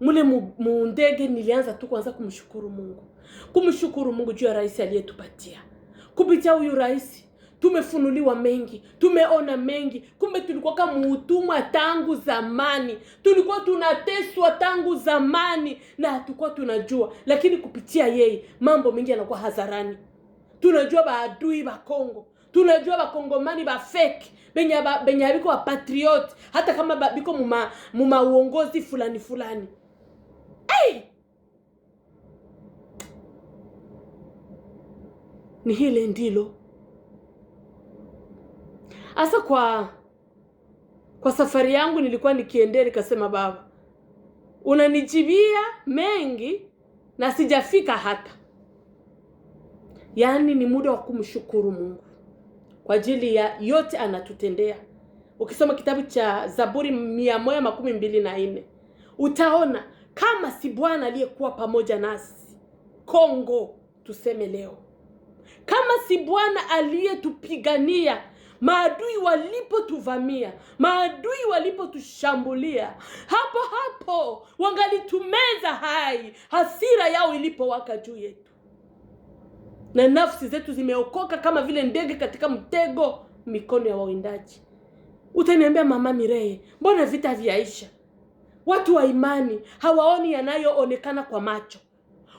mule mu ndege nilianza tu kwanza kumshukuru Mungu, kumshukuru Mungu juu ya rais aliyetupatia kupitia huyu rais tumefunuliwa mengi, tumeona mengi. Kumbe tulikuwa kama utumwa tangu zamani, tulikuwa tunateswa tangu zamani na hatukuwa tunajua, lakini kupitia yeye mambo mengi yanakuwa hadharani. Tunajua baadui ba Kongo, tunajua bakongomani ba fake benye biko wa patriot, hata kama biko muma, muma uongozi fulani fulani ni hili ndilo hasa. Kwa kwa safari yangu nilikuwa nikiendea, nikasema Baba, unanijibia mengi na sijafika hata. Yaani ni muda wa kumshukuru Mungu kwa ajili ya yote anatutendea. Ukisoma kitabu cha Zaburi mia moja makumi mbili na nne utaona kama si Bwana aliyekuwa pamoja nasi Kongo, tuseme leo kama si Bwana aliyetupigania maadui walipotuvamia, maadui walipotushambulia, hapo hapo wangalitumeza hai hasira yao ilipowaka juu yetu, na nafsi zetu zimeokoka kama vile ndege katika mtego, mikono ya wawindaji. Utaniambia Mama Mireye, mbona vita vyaisha? Watu wa imani hawaoni yanayoonekana kwa macho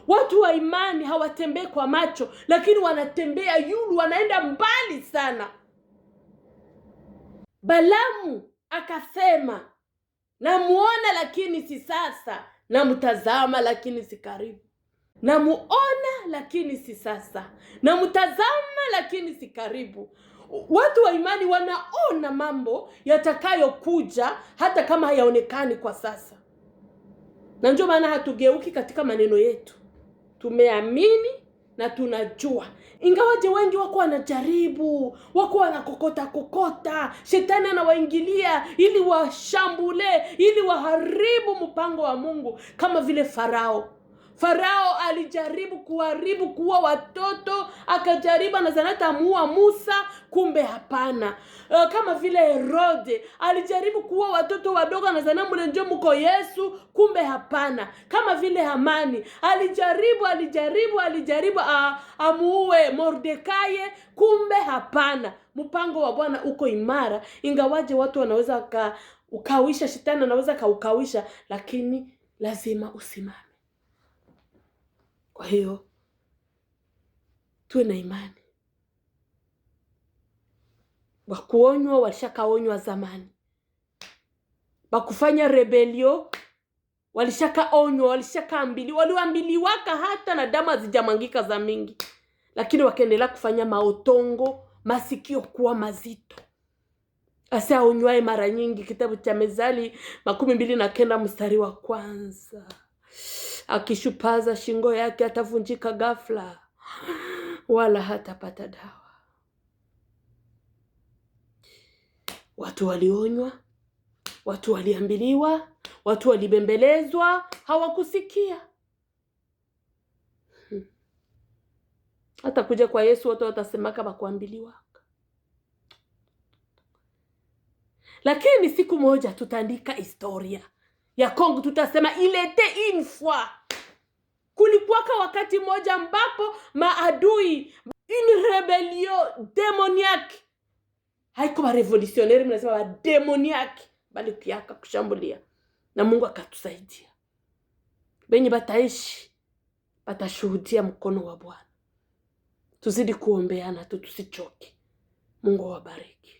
Watu wa imani hawatembei kwa macho, lakini wanatembea yulu, wanaenda mbali sana. Balamu akasema, namuona lakini si sasa, namtazama lakini si karibu, namuona lakini si sasa, namtazama lakini si karibu. Watu wa imani wanaona mambo yatakayokuja hata kama hayaonekani kwa sasa, na ndio maana hatugeuki katika maneno yetu tumeamini na tunajua, ingawaje wengi wako wanajaribu, wako wanakokota kokota, shetani anawaingilia ili washambule, ili waharibu mpango wa Mungu, kama vile Farao Farao alijaribu kuharibu kuwa watoto, akajaribu anazanata atamuua Musa, kumbe hapana. Uh, kama vile Herode alijaribu kuwa watoto wadogo, anazana mule njo mko Yesu, kumbe hapana. Kama vile Hamani alijaribu alijaribu alijaribu uh, amuue Mordekai, kumbe hapana. Mpango wa Bwana uko imara, ingawaje watu wanaweza uka, ukawisha, shetani anaweza kaukawisha, lakini lazima usimame. Kwa hiyo tuwe na imani. Wakuonywa walishakaonywa zamani, wakufanya rebelio walishakaonywa, walishakaambili, waliambiliwaka hata na damu hazijamwangika za mingi, lakini wakaendelea kufanya maotongo, masikio kuwa mazito aonywae mara nyingi, kitabu cha Mezali makumi mbili na kenda mstari wa kwanza akishupaza shingo yake atavunjika ghafla, wala hatapata dawa. Watu walionywa, watu waliambiliwa, watu walibembelezwa, hawakusikia. Hmm. Hata kuja kwa Yesu watu watasemaka bakuambiliwa lakini siku moja tutaandika historia ya Kongo, tutasema ilete une fois mpaka wakati mmoja ambapo maadui in rebelio demoniaque haiko ba revolutionnaire mnasema ba demoniaque bali kuyaka kushambulia, na Mungu akatusaidia. Benye bataishi batashuhudia mkono wa Bwana. Tuzidi kuombeana tu, tusichoke. Mungu awabariki.